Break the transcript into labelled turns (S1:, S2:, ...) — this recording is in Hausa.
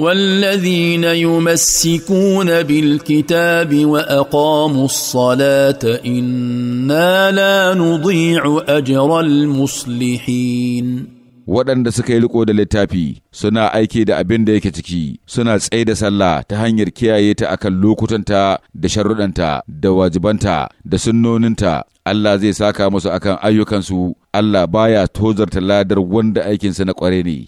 S1: والذين يمسكون بالكتاب واقاموا
S2: الصلاه انا لا نضيع اجر
S3: المصلحين waɗanda suka yi riko da littafi suna aiki da abin da yake ciki suna tsaye da sallah ta hanyar kiyaye ta akan lokutanta da sharuɗanta da wajibanta da sunnoninta Allah zai saka musu akan ayyukansu Allah baya tozarta ladar wanda aikinsa na ƙware ne